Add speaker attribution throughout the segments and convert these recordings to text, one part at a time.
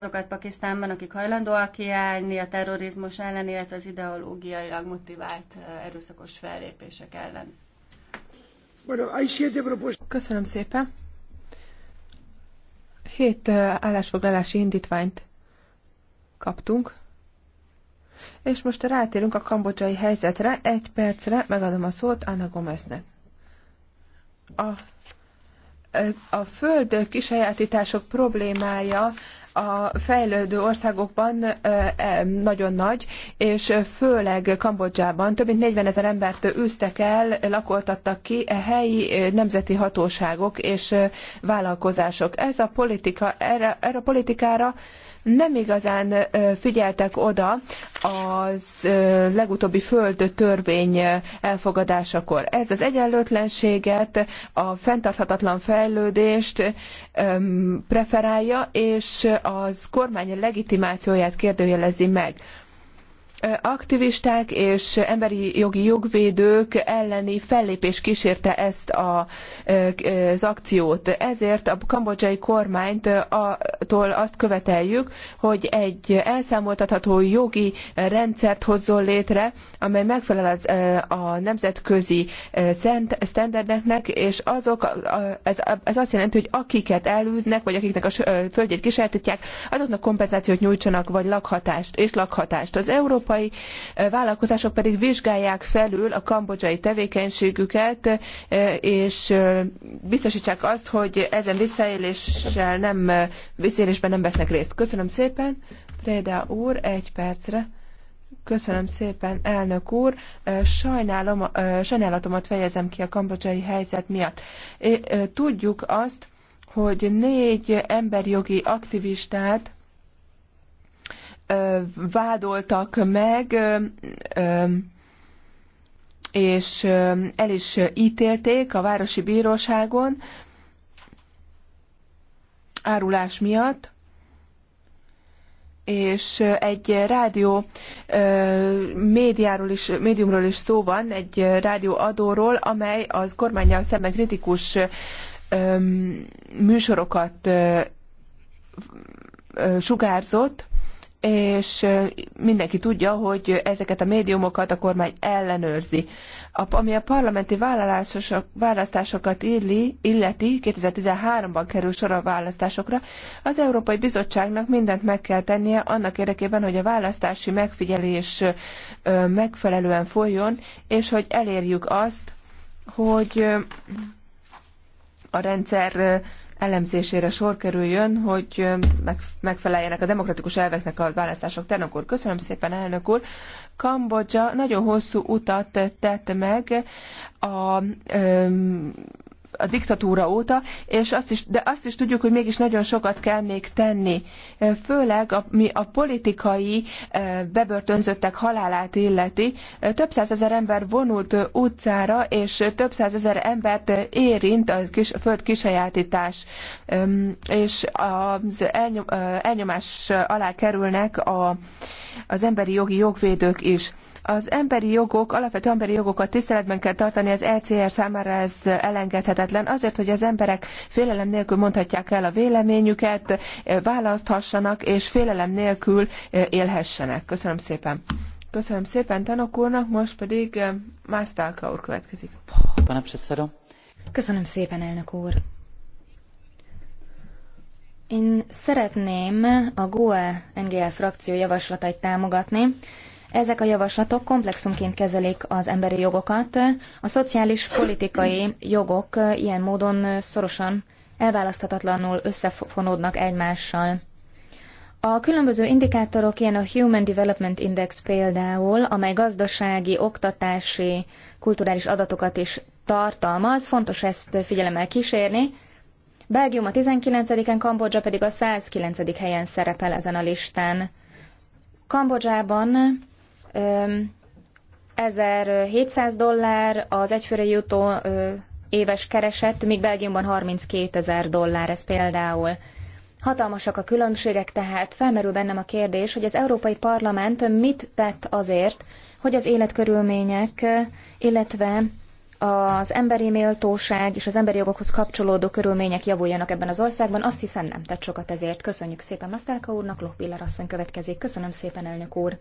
Speaker 1: azokat Pakisztánban, akik hajlandóak kiállni a terrorizmus ellen, illetve az ideológiailag motivált erőszakos fellépések ellen.
Speaker 2: Köszönöm szépen. Hét állásfoglalási indítványt kaptunk. És most rátérünk a kambodzsai helyzetre. Egy percre megadom a szót Anna Gomeznek. A, a föld kisajátítások problémája a fejlődő országokban e, nagyon nagy, és főleg Kambodzsában több mint 40 ezer embert űztek el, lakoltattak ki e helyi nemzeti hatóságok és vállalkozások. Ez a politika, erre, erre a politikára nem igazán figyeltek oda az legutóbbi földtörvény elfogadásakor. Ez az egyenlőtlenséget, a fenntarthatatlan fejlődést preferálja, és az kormány legitimációját kérdőjelezi meg aktivisták és emberi jogi jogvédők elleni fellépés kísérte ezt a, az akciót. Ezért a kambodzsai kormányt attól azt követeljük, hogy egy elszámoltatható jogi rendszert hozzon létre, amely megfelel az, a nemzetközi sztenderdeknek, és azok, ez, azt jelenti, hogy akiket elűznek, vagy akiknek a földjét kisártítják, azoknak kompenzációt nyújtsanak, vagy lakhatást, és lakhatást. Az Európai európai vállalkozások pedig vizsgálják felül a kambodzsai tevékenységüket, és biztosítsák azt, hogy ezen visszaéléssel nem, visszaélésben nem vesznek részt. Köszönöm szépen, Préda úr, egy percre. Köszönöm szépen, elnök úr. Sajnálom, sajnálatomat fejezem ki a kambodzsai helyzet miatt. Tudjuk azt, hogy négy emberjogi aktivistát vádoltak meg, és el is ítélték a városi bíróságon árulás miatt, és egy rádió médiáról is, médiumról is szó van, egy rádió adóról, amely az kormányjal szemben kritikus műsorokat sugárzott, és mindenki tudja, hogy ezeket a médiumokat a kormány ellenőrzi. A, ami a parlamenti választásokat illi, illeti, 2013-ban kerül sor a választásokra, az Európai Bizottságnak mindent meg kell tennie annak érdekében, hogy a választási megfigyelés megfelelően folyjon, és hogy elérjük azt, hogy a rendszer elemzésére sor kerüljön, hogy megfeleljenek a demokratikus elveknek a választások. Ternok úr, köszönöm szépen, elnök úr. Kambodzsa nagyon hosszú utat tett meg a a diktatúra óta, és azt is, de azt is tudjuk, hogy mégis nagyon sokat kell még tenni. Főleg a, mi a politikai bebörtönzöttek halálát illeti. Több százezer ember vonult utcára, és több százezer embert érint a kis, a föld kisajátítás, és az elnyom, elnyomás alá kerülnek a, az emberi jogi jogvédők is az emberi jogok, alapvető emberi jogokat tiszteletben kell tartani, az ECR számára ez elengedhetetlen elengedhetetlen azért, hogy az emberek félelem nélkül mondhatják el a véleményüket, eh, választhassanak, és félelem nélkül eh, élhessenek. Köszönöm szépen. Köszönöm szépen Tanok úrnak, most
Speaker 3: pedig eh, Másztálka úr következik.
Speaker 1: Pane předsedo.
Speaker 3: Köszönöm szépen, elnök úr. Én szeretném a GOE NGL frakció javaslatait támogatni, ezek a javaslatok komplexumként kezelik az emberi jogokat. A szociális politikai jogok ilyen módon szorosan elválaszthatatlanul összefonódnak egymással. A különböző indikátorok ilyen a Human Development Index például, amely gazdasági, oktatási, kulturális adatokat is tartalmaz, fontos ezt figyelemmel kísérni. Belgium a 19-en, Kambodzsa pedig a 109. helyen szerepel ezen a listán. Kambodzsában 1700 dollár az egyfőre jutó éves kereset, míg Belgiumban 32 ezer dollár ez például. Hatalmasak a különbségek, tehát felmerül bennem a kérdés, hogy az Európai Parlament mit tett azért, hogy az életkörülmények, illetve az emberi méltóság és az emberi jogokhoz kapcsolódó körülmények javuljanak ebben az országban. Azt hiszem nem tett sokat ezért. Köszönjük szépen Masztálka úrnak, Lohpiller asszony következik. Köszönöm szépen, elnök úr.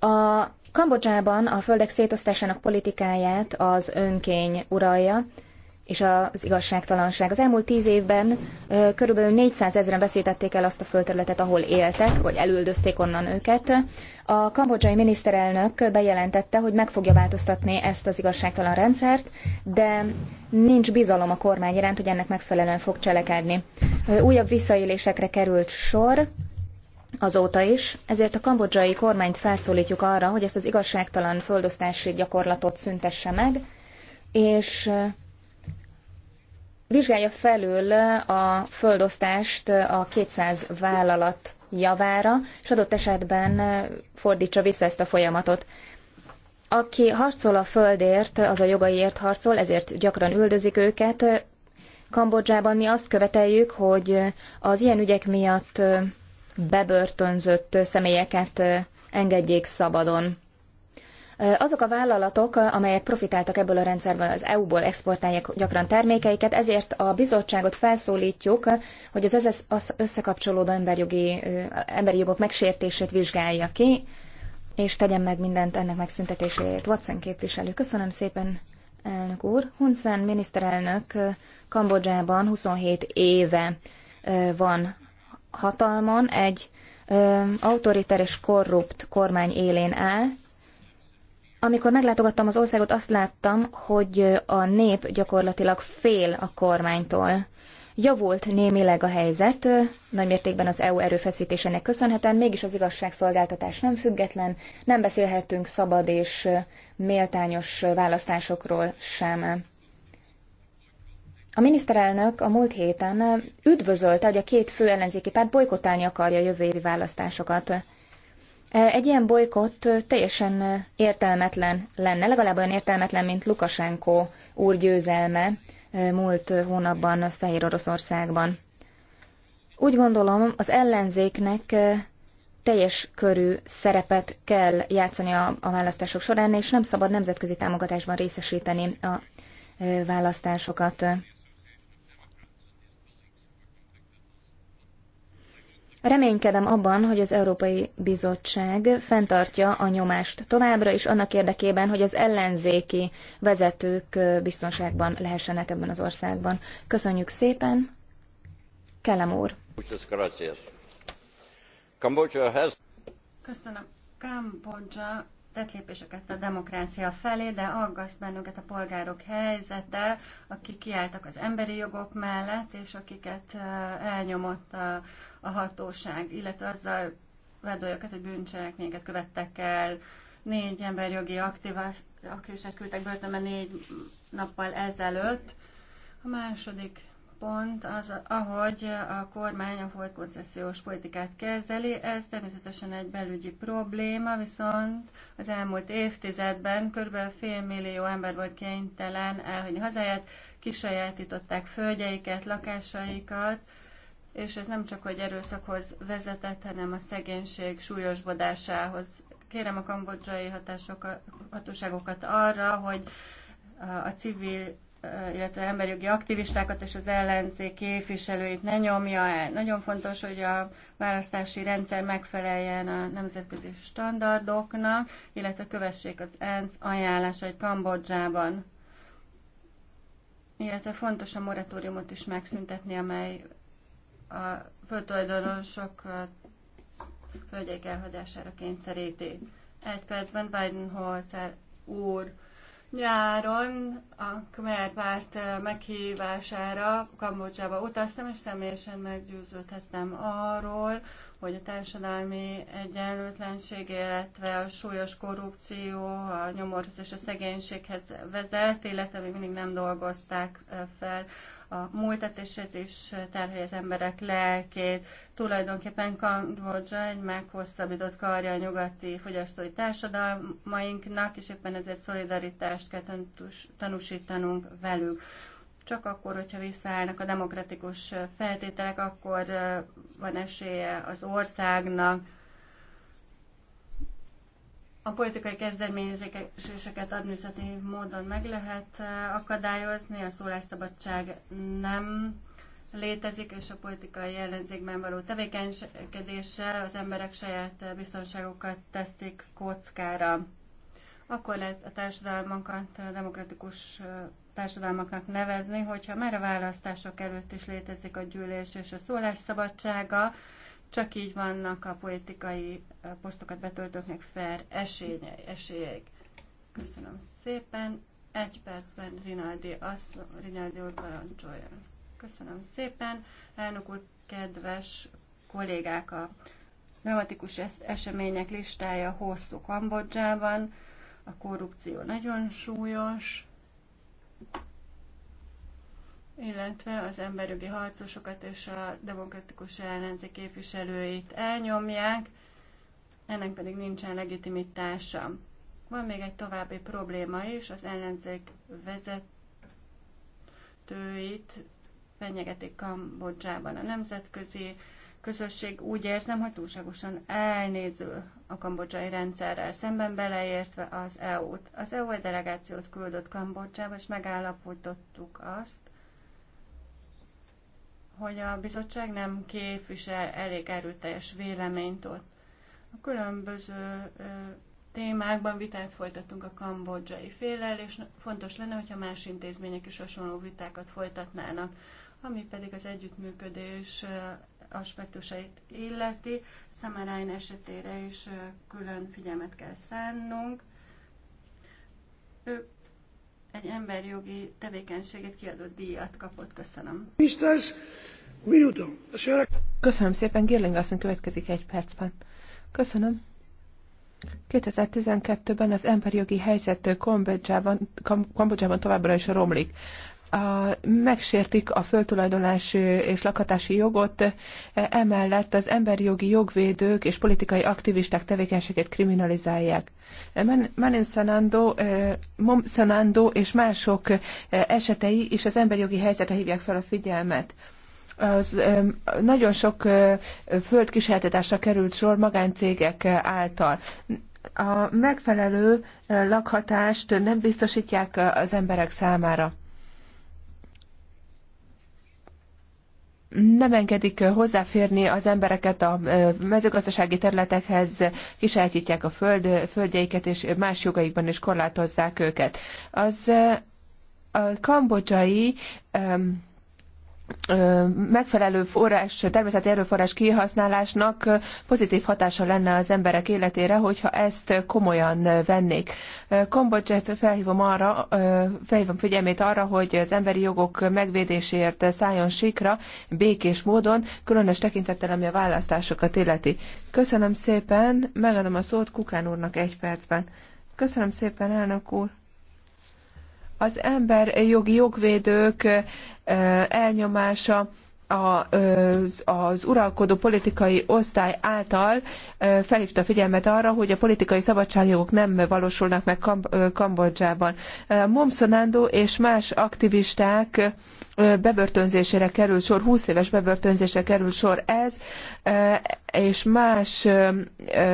Speaker 3: A Kambodzsában a földek szétosztásának politikáját az önkény uralja, és az igazságtalanság. Az elmúlt tíz évben körülbelül 400 ezeren veszítették el azt a földterületet, ahol éltek, vagy elüldözték onnan őket. A kambodzsai miniszterelnök bejelentette, hogy meg fogja változtatni ezt az igazságtalan rendszert, de nincs bizalom a kormány iránt, hogy ennek megfelelően fog cselekedni. Újabb visszaélésekre került sor, azóta is, ezért a kambodzsai kormányt felszólítjuk arra, hogy ezt az igazságtalan földosztási gyakorlatot szüntesse meg, és vizsgálja felül a földosztást a 200 vállalat javára, és adott esetben fordítsa vissza ezt a folyamatot. Aki harcol a földért, az a jogaiért harcol, ezért gyakran üldözik őket. Kambodzsában mi azt követeljük, hogy az ilyen ügyek miatt bebörtönzött személyeket engedjék szabadon. Azok a vállalatok, amelyek profitáltak ebből a rendszerből, az EU-ból exportálják gyakran termékeiket, ezért a bizottságot felszólítjuk, hogy az, az összekapcsolódó emberjogi, emberi jogok megsértését vizsgálja ki, és tegyen meg mindent ennek megszüntetéséért. Watson képviselő, köszönöm szépen, elnök úr. Hun Sen miniszterelnök Kambodzsában 27 éve van hatalmon egy ö, autoriter és korrupt kormány élén áll. Amikor meglátogattam az országot, azt láttam, hogy a nép gyakorlatilag fél a kormánytól. Javult némileg a helyzet, nagymértékben az EU erőfeszítésének köszönhetően, mégis az igazságszolgáltatás nem független, nem beszélhetünk szabad és méltányos választásokról sem. A miniszterelnök a múlt héten üdvözölte, hogy a két fő ellenzéki párt bolykottálni akarja a jövő évi választásokat. E, egy ilyen bolykott teljesen értelmetlen lenne, legalább olyan értelmetlen, mint Lukasenko úr győzelme e, múlt hónapban Fehér Oroszországban. Úgy gondolom, az ellenzéknek e, teljes körű szerepet kell játszani a, a választások során, és nem szabad nemzetközi támogatásban részesíteni a választásokat. Reménykedem abban, hogy az Európai Bizottság fenntartja a nyomást továbbra is annak érdekében, hogy az ellenzéki vezetők biztonságban lehessenek ebben az országban. Köszönjük szépen! Kellem úr!
Speaker 1: Köszönöm. Kambodzsa tett lépéseket a demokrácia felé, de aggaszt bennünket a polgárok helyzete, akik kiálltak az emberi jogok mellett, és akiket elnyomott a, a hatóság, illetve azzal vádoljakat, hogy bűncselekményeket követtek el, négy emberjogi aktivistát küldtek börtönbe négy nappal ezelőtt. A második pont az, ahogy a kormány a volt koncesziós politikát kezeli. Ez természetesen egy belügyi probléma, viszont az elmúlt évtizedben kb. fél millió ember volt kénytelen elhagyni hazáját, kisajátították földjeiket, lakásaikat, és ez nem csak hogy erőszakhoz vezetett, hanem a szegénység súlyosbodásához. Kérem a kambodzsai hatóságokat arra, hogy a civil illetve emberjogi aktivistákat és az ellenzék képviselőit ne nyomja el. Nagyon fontos, hogy a választási rendszer megfeleljen a nemzetközi standardoknak, illetve kövessék az ENSZ ajánlásait Kambodzsában. Illetve fontos a moratóriumot is megszüntetni, amely a földtulajdonosok földjeik elhagyására kényszeríti. Egy percben Biden Holzer úr Nyáron a Khmer párt eh, meghívására Kambodzsába utaztam, és személyesen meggyőződhettem arról, hogy a társadalmi egyenlőtlenség, illetve a súlyos korrupció, a nyomorhoz és a szegénységhez vezet, illetve még mindig nem dolgozták fel a múltat, és ez is terhelje az emberek lelkét. Tulajdonképpen Kambodzsa egy meghosszabbított karja a nyugati fogyasztói társadalmainknak, és éppen ezért szolidaritást kell tanúsítanunk velük. Csak akkor, hogyha visszaállnak a demokratikus feltételek, akkor van esélye az országnak a politikai kezdeményezéseket adminisztratív módon meg lehet akadályozni, a szólásszabadság nem létezik, és a politikai ellenzékben való tevékenykedéssel az emberek saját biztonságokat teszik kockára. Akkor lehet a társadalmakat demokratikus társadalmaknak nevezni, hogyha már a választások előtt is létezik a gyűlés és a szólásszabadsága, csak így vannak a politikai eh, posztokat betöltőknek fair esélye, esélyeik. Köszönöm szépen. Egy percben Rinaldi, az Rinaldi úr parancsoljon. Köszönöm szépen. Elnök úr, kedves kollégák, a dramatikus események listája hosszú Kambodzsában. A korrupció nagyon súlyos, illetve az emberjogi harcosokat és a demokratikus ellenzék képviselőit elnyomják, ennek pedig nincsen legitimitása. Van még egy további probléma is, az ellenzék vezetőit fenyegetik Kambodzsában a nemzetközi közösség úgy érzem, hogy túlságosan elnéző a kambodzsai rendszerrel szemben, beleértve az EU-t. Az EU egy delegációt küldött Kambodzsába, és megállapítottuk azt, hogy a bizottság nem képvisel elég erőteljes véleményt ott. A különböző témákban vitát folytattunk a kambodzsai félel, és fontos lenne, hogyha más intézmények is hasonló vitákat folytatnának, ami pedig az együttműködés aspektusait illeti, Szamarány esetére is külön figyelmet kell szánnunk. Ő egy emberjogi tevékenységet kiadott díjat kapott.
Speaker 2: Köszönöm. Köszönöm szépen. Gérling asszony következik egy percben. Köszönöm. 2012-ben az emberjogi helyzet Kambodzsában, Kambodzsában továbbra is romlik a, megsértik a földtulajdonlási és lakhatási jogot, e, emellett az emberi jogi jogvédők és politikai aktivisták tevékenységét kriminalizálják. E, Manin Sanando, e, Mom Sanando és mások esetei is az emberi jogi helyzetre hívják fel a figyelmet az nagyon sok földkísérletetásra került sor magáncégek által. A megfelelő lakhatást nem biztosítják az emberek számára. nem engedik hozzáférni az embereket a mezőgazdasági területekhez, kisajátítják a föld, földjeiket, és más jogaikban is korlátozzák őket. Az a kambodzsai um, megfelelő forrás, természeti erőforrás kihasználásnak pozitív hatása lenne az emberek életére, hogyha ezt komolyan vennék. Kambodzsát felhívom arra, felhívom figyelmét arra, hogy az emberi jogok megvédéséért szálljon sikra, békés módon, különös tekintettel, ami a választásokat illeti. Köszönöm szépen, megadom a szót Kukán úrnak egy percben. Köszönöm szépen, elnök úr. Az emberjogi jogvédők elnyomása az, az uralkodó politikai osztály által felhívta a figyelmet arra, hogy a politikai szabadságjogok nem valósulnak meg Kam- Kambodzsában. Momsonando és más aktivisták bebörtönzésére kerül sor, 20 éves bebörtönzésre kerül sor. Ez és más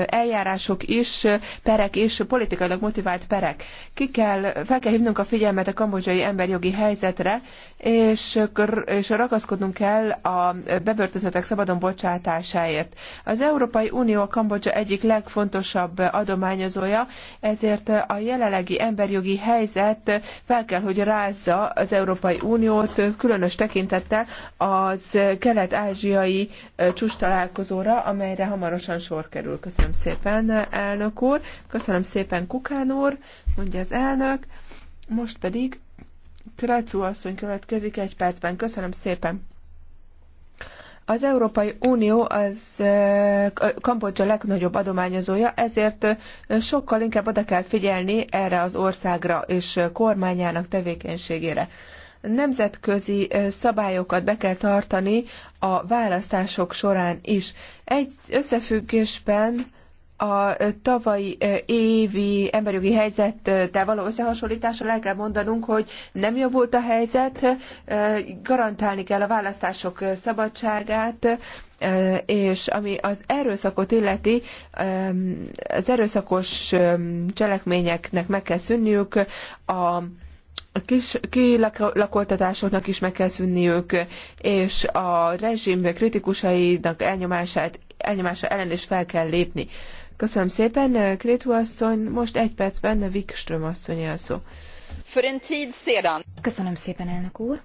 Speaker 2: eljárások is, perek is, politikailag motivált perek. Ki kell, fel kell hívnunk a figyelmet a kambodzsai emberjogi helyzetre, és, és ragaszkodnunk kell a bebörtözöttek szabadon bocsátásáért. Az Európai Unió a Kambodzsa egyik legfontosabb adományozója, ezért a jelenlegi emberjogi helyzet fel kell, hogy rázza az Európai Uniót, különös tekintettel az kelet-ázsiai csústalálkozóra találkozóra, amelyre hamarosan sor kerül. Köszönöm szépen, elnök úr. Köszönöm szépen, Kukán úr, mondja az elnök. Most pedig Krecu asszony következik egy percben. Köszönöm szépen. Az Európai Unió az Kambodzsa legnagyobb adományozója, ezért sokkal inkább oda kell figyelni erre az országra és kormányának tevékenységére nemzetközi szabályokat be kell tartani a választások során is. Egy összefüggésben a tavalyi évi emberjogi helyzettel való összehasonlításra el kell mondanunk, hogy nem volt a helyzet, garantálni kell a választások szabadságát, és ami az erőszakot illeti, az erőszakos cselekményeknek meg kell szűnniük, a a kis kilakoltatásoknak is meg kell szűnniük, és a rezsim kritikusainak elnyomását, elnyomása ellen is fel kell lépni. Köszönöm szépen, Krétu asszony, most egy percben Wikström asszony a szó.
Speaker 3: Köszönöm szépen, elnök úr.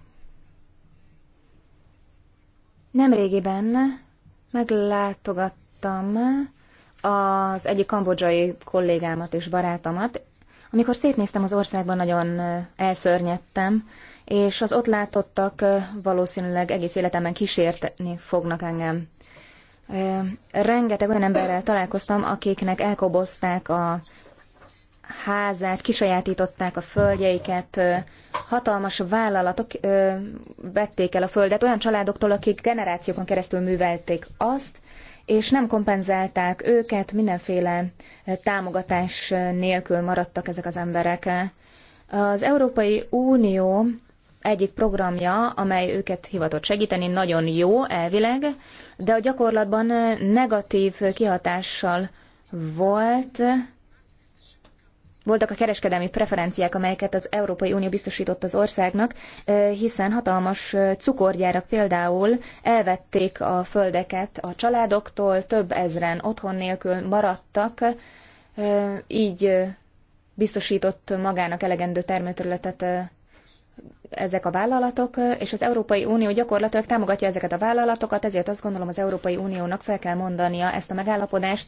Speaker 3: Nemrégiben meglátogattam az egyik kambodzsai kollégámat és barátomat, amikor szétnéztem az országban, nagyon elszörnyedtem, és az ott látottak valószínűleg egész életemben kísérteni fognak engem. Rengeteg olyan emberrel találkoztam, akiknek elkobozták a házát, kisajátították a földjeiket, hatalmas vállalatok vették el a földet olyan családoktól, akik generációkon keresztül művelték azt, és nem kompenzálták őket, mindenféle eh, támogatás eh, nélkül maradtak ezek az emberek. Az Európai Unió egyik programja, amely őket hivatott segíteni, nagyon jó elvileg, de a gyakorlatban eh, negatív kihatással volt voltak a kereskedelmi preferenciák, amelyeket az Európai Unió biztosított az országnak, hiszen hatalmas cukorgyárak például elvették a földeket a családoktól, több ezren otthon nélkül maradtak, így biztosított magának elegendő termőterületet ezek a vállalatok, és az Európai Unió gyakorlatilag támogatja ezeket a vállalatokat, ezért azt gondolom az Európai Uniónak fel kell mondania ezt a megállapodást,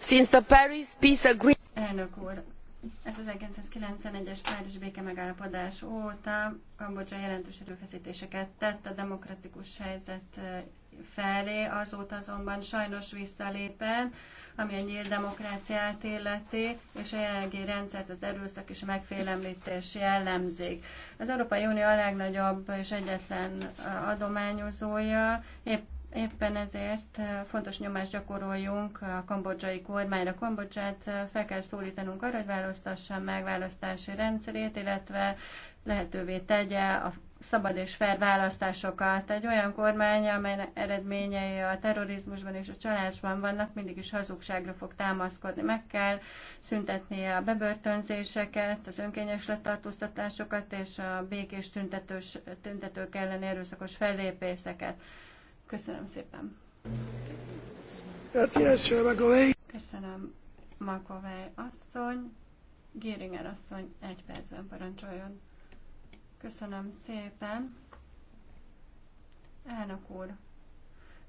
Speaker 2: Since the Paris Peace Agreement...
Speaker 1: Elnök úr, ez az 1991-es Párizs béke megállapodás óta Kambodzsa jelentős erőfeszítéseket tett a demokratikus helyzet felé, azóta azonban sajnos visszalépen, ami a nyílt demokráciát illeti, és a jelenlegi rendszert az erőszak és a megfélemlítés jellemzik. Az Európai Unió a legnagyobb és egyetlen adományozója, épp Éppen ezért eh, fontos nyomást gyakoroljunk a kambodzsai kormányra. Kambodzsát eh, fel kell szólítanunk arra, hogy választassa meg választási rendszerét, illetve lehetővé tegye a szabad és fair választásokat. Egy olyan kormány, amely eredményei a terrorizmusban és a csalásban vannak, mindig is hazugságra fog támaszkodni. Meg kell szüntetnie a bebörtönzéseket, az önkényes letartóztatásokat és a békés tüntetős, tüntetők ellen erőszakos fellépéseket. Köszönöm szépen. Köszönöm, Makovej asszony. Géringer asszony, egy percben parancsoljon. Köszönöm szépen. Elnök úr,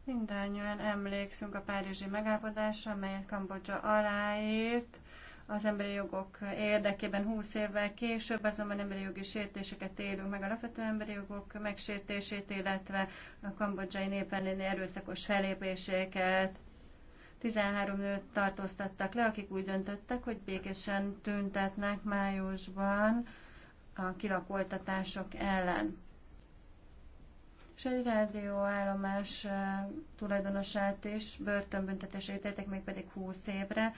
Speaker 1: mindannyian emlékszünk a párizsi megállapodásra, amelyet Kambodzsa aláírt az emberi jogok érdekében 20 évvel később, azonban emberi jogi sértéseket élünk meg, alapvető emberi jogok megsértését, illetve a kambodzsai népelleni erőszakos felépéseket. 13 nőt tartóztattak le, akik úgy döntöttek, hogy békésen tüntetnek májusban a kilakoltatások ellen. És egy rádióállomás eh, tulajdonosát is börtönbüntetésre ítéltek, még pedig 20 évre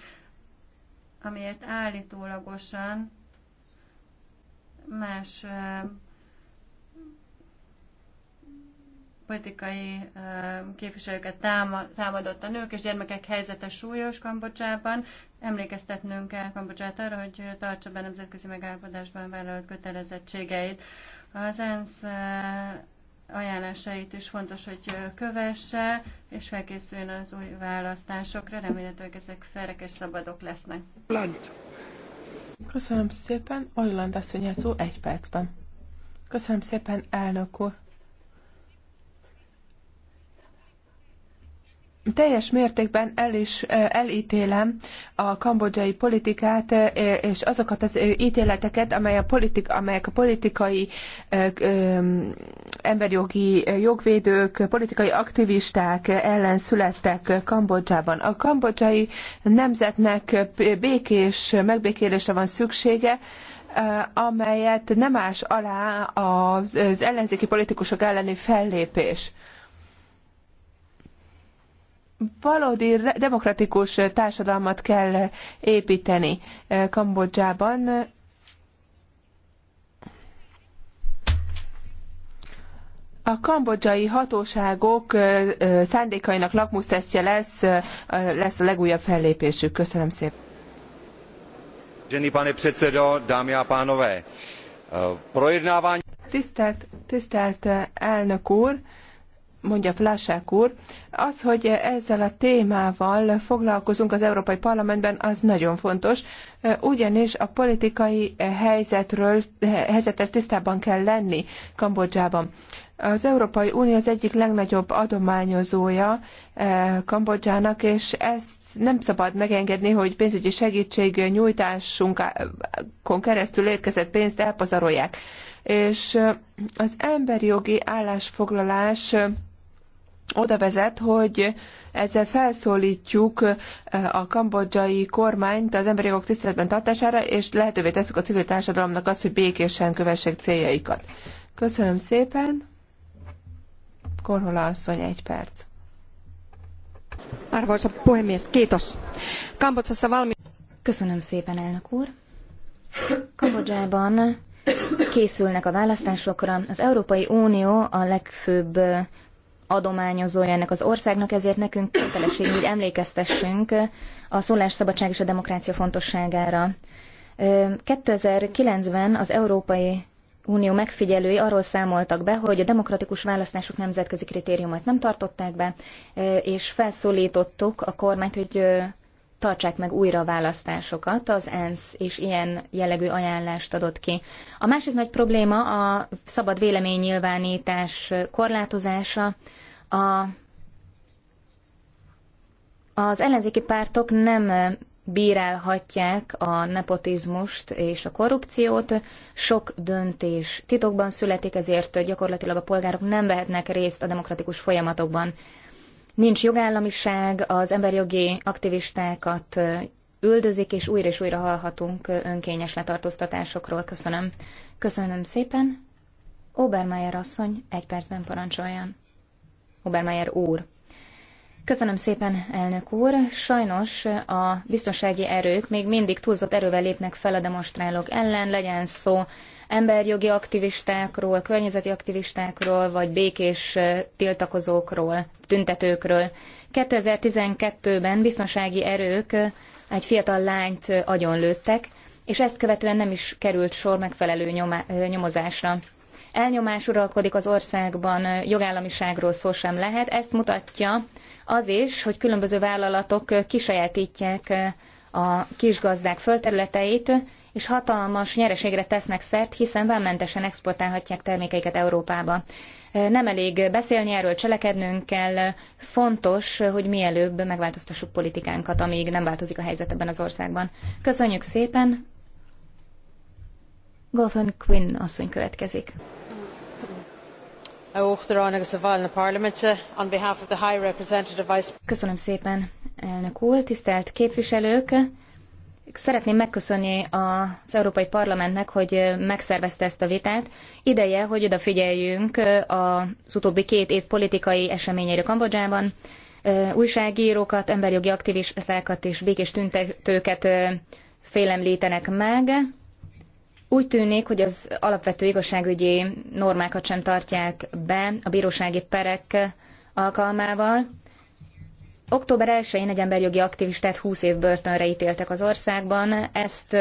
Speaker 1: amiért állítólagosan más politikai képviselőket támadott a nők és gyermekek helyzete súlyos Kambocsában. Emlékeztetnünk kell Kambocsát arra, hogy tartsa be nemzetközi megállapodásban vállalt kötelezettségeit. Az ENSZ ajánlásait is fontos, hogy kövesse, és felkészüljön az új választásokra. Remélhetőleg ezek felek és szabadok lesznek.
Speaker 2: Land. Köszönöm szépen. Olland asszony szó egy percben. Köszönöm szépen, elnök úr. teljes mértékben el is elítélem a kambodzsai politikát és azokat az ítéleteket, amely a politik, amelyek a politikai emberjogi jogvédők, politikai aktivisták ellen születtek Kambodzsában. A kambodzsai nemzetnek békés megbékélésre van szüksége, amelyet nem ás alá az ellenzéki politikusok elleni fellépés valódi demokratikus társadalmat kell építeni Kambodzsában. A kambodzsai hatóságok szándékainak lakmusztesztje lesz, lesz a legújabb fellépésük. Köszönöm szépen.
Speaker 4: pane předsedo, dámy a pánové, projednávání...
Speaker 2: Tisztelt, tisztelt elnök úr, mondja Flásák úr, az, hogy ezzel a témával foglalkozunk az Európai Parlamentben, az nagyon fontos, ugyanis a politikai helyzetről, helyzetet tisztában kell lenni Kambodzsában. Az Európai Unió az egyik legnagyobb adományozója eh, Kambodzsának, és ezt nem szabad megengedni, hogy pénzügyi segítség nyújtásunkon keresztül érkezett pénzt elpazarolják. És eh, az emberi jogi állásfoglalás eh, oda vezet, hogy ezzel felszólítjuk a kambodzsai kormányt az emberi jogok tiszteletben tartására, és lehetővé tesszük a civil társadalomnak azt, hogy békésen kövessék céljaikat. Köszönöm szépen! Korhola asszony, egy perc.
Speaker 3: Arvoisa puhemies, kiitos. Kambodzsassa valmi... Köszönöm szépen, elnök úr. Kambodzsában készülnek a választásokra. Az Európai Unió a legfőbb adományozója ennek az országnak, ezért nekünk kötelességünk, hogy emlékeztessünk a szólásszabadság és a demokrácia fontosságára. 2090 ben az Európai Unió megfigyelői arról számoltak be, hogy a demokratikus választások nemzetközi kritériumát nem tartották be, és felszólítottuk a kormányt, hogy tartsák meg újra a választásokat, az ENSZ és ilyen jellegű ajánlást adott ki. A másik nagy probléma a szabad véleménynyilvánítás korlátozása, a az ellenzéki pártok nem bírálhatják a nepotizmust és a korrupciót. Sok döntés titokban születik, ezért gyakorlatilag a polgárok nem vehetnek részt a demokratikus folyamatokban. Nincs jogállamiság, az emberjogi aktivistákat üldözik, és újra és újra hallhatunk önkényes letartóztatásokról. Köszönöm. Köszönöm szépen. Obermeier asszony, egy percben parancsoljon. Obermeier úr. Köszönöm szépen, elnök úr. Sajnos a biztonsági erők még mindig túlzott erővel lépnek fel a demonstrálók ellen, legyen szó emberjogi aktivistákról, környezeti aktivistákról, vagy békés tiltakozókról, tüntetőkről. 2012-ben biztonsági erők egy fiatal lányt agyonlőttek, és ezt követően nem is került sor megfelelő nyomozásra elnyomás uralkodik az országban, jogállamiságról szó sem lehet. Ezt mutatja az is, hogy különböző vállalatok kisajátítják a kisgazdák földterületeit, és hatalmas nyereségre tesznek szert, hiszen vámmentesen exportálhatják termékeiket Európába. Nem elég beszélni erről, cselekednünk kell. Fontos, hogy mielőbb megváltoztassuk politikánkat, amíg nem változik a helyzet ebben az országban. Köszönjük szépen! Golfen Quinn asszony következik. Köszönöm szépen, elnök úr, tisztelt képviselők! Szeretném megköszönni az Európai Parlamentnek, hogy megszervezte ezt a vitát. Ideje, hogy odafigyeljünk az utóbbi két év politikai eseményeire Kambodzsában. Újságírókat, emberjogi aktivistákat és békés tüntetőket félemlítenek meg. Úgy tűnik, hogy az alapvető igazságügyi normákat sem tartják be a bírósági perek alkalmával. Október 1-én egy emberjogi aktivistát 20 év börtönre ítéltek az országban. Ezt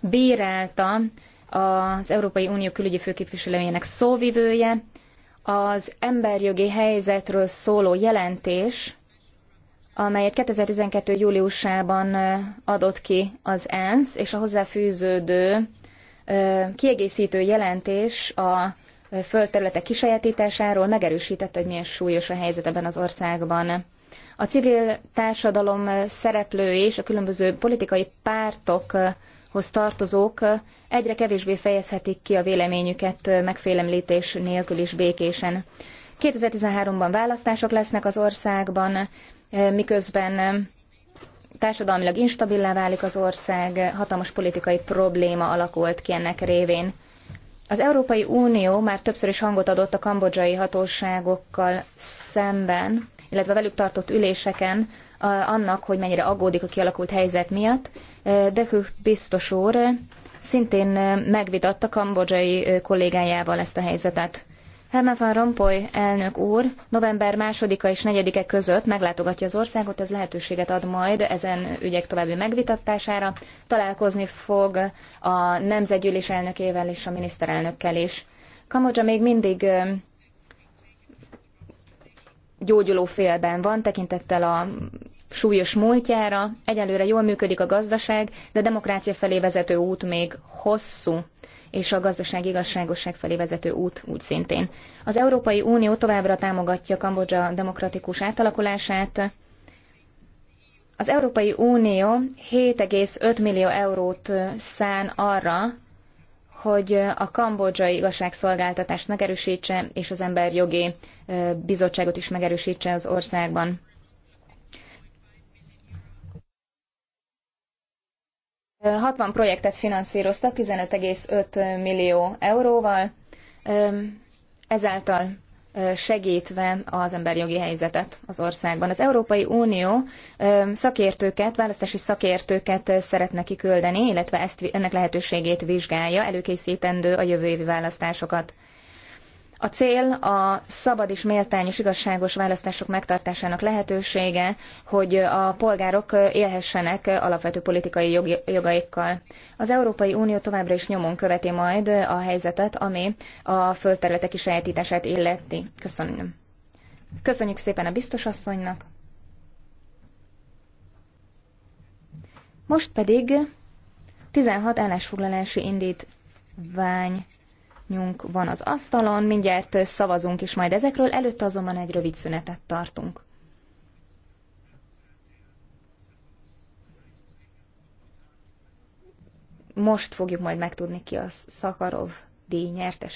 Speaker 3: bírálta az Európai Unió külügyi főképviselőjének szóvivője. Az emberjogi helyzetről szóló jelentés, amelyet 2012. júliusában adott ki az ENSZ, és a hozzáfűződő kiegészítő jelentés a földterületek kisajátításáról megerősítette, hogy milyen súlyos a helyzet ebben az országban. A civil társadalom szereplői és a különböző politikai pártokhoz tartozók egyre kevésbé fejezhetik ki a véleményüket megfélemlítés nélkül is békésen. 2013-ban választások lesznek az országban, miközben társadalmilag instabilá válik az ország, hatalmas politikai probléma alakult ki ennek révén. Az Európai Unió már többször is hangot adott a kambodzsai hatóságokkal szemben, illetve velük tartott üléseken annak, hogy mennyire aggódik a kialakult helyzet miatt. E, De biztos úr szintén megvitatta kambodzsai kollégájával ezt a helyzetet. Herman van Rompuy elnök úr november 2-a és 4-e között meglátogatja az országot, ez lehetőséget ad majd ezen ügyek további megvitatására. Találkozni fog a nemzetgyűlés elnökével és a miniszterelnökkel is. Kamodzsa még mindig gyógyuló félben van, tekintettel a súlyos múltjára, egyelőre jól működik a gazdaság, de a demokrácia felé vezető út még hosszú és a gazdaság igazságosság felé vezető út úgy szintén. Az Európai Unió továbbra támogatja Kambodzsa demokratikus átalakulását. Az Európai Unió 7,5 millió eurót szán arra, hogy a kambodzsai igazságszolgáltatást megerősítse, és az emberjogi bizottságot is megerősítse az országban. 60 projektet finanszíroztak 15,5 millió euróval, ezáltal segítve az emberjogi helyzetet az országban. Az Európai Unió szakértőket, választási szakértőket szeretne kiküldeni, illetve ezt, ennek lehetőségét vizsgálja, előkészítendő a jövő évi választásokat. A cél a szabad és méltányos igazságos választások megtartásának lehetősége, hogy a polgárok élhessenek alapvető politikai jogaikkal. Az Európai Unió továbbra is nyomon követi majd a helyzetet, ami a földterületek kisajátítását illeti. Köszönöm. Köszönjük szépen a biztos Most pedig 16 állásfoglalási indítvány nyunk van az asztalon, mindjárt szavazunk is majd ezekről, előtte azonban egy rövid szünetet tartunk. Most fogjuk majd megtudni ki a Szakarov díj nyertes.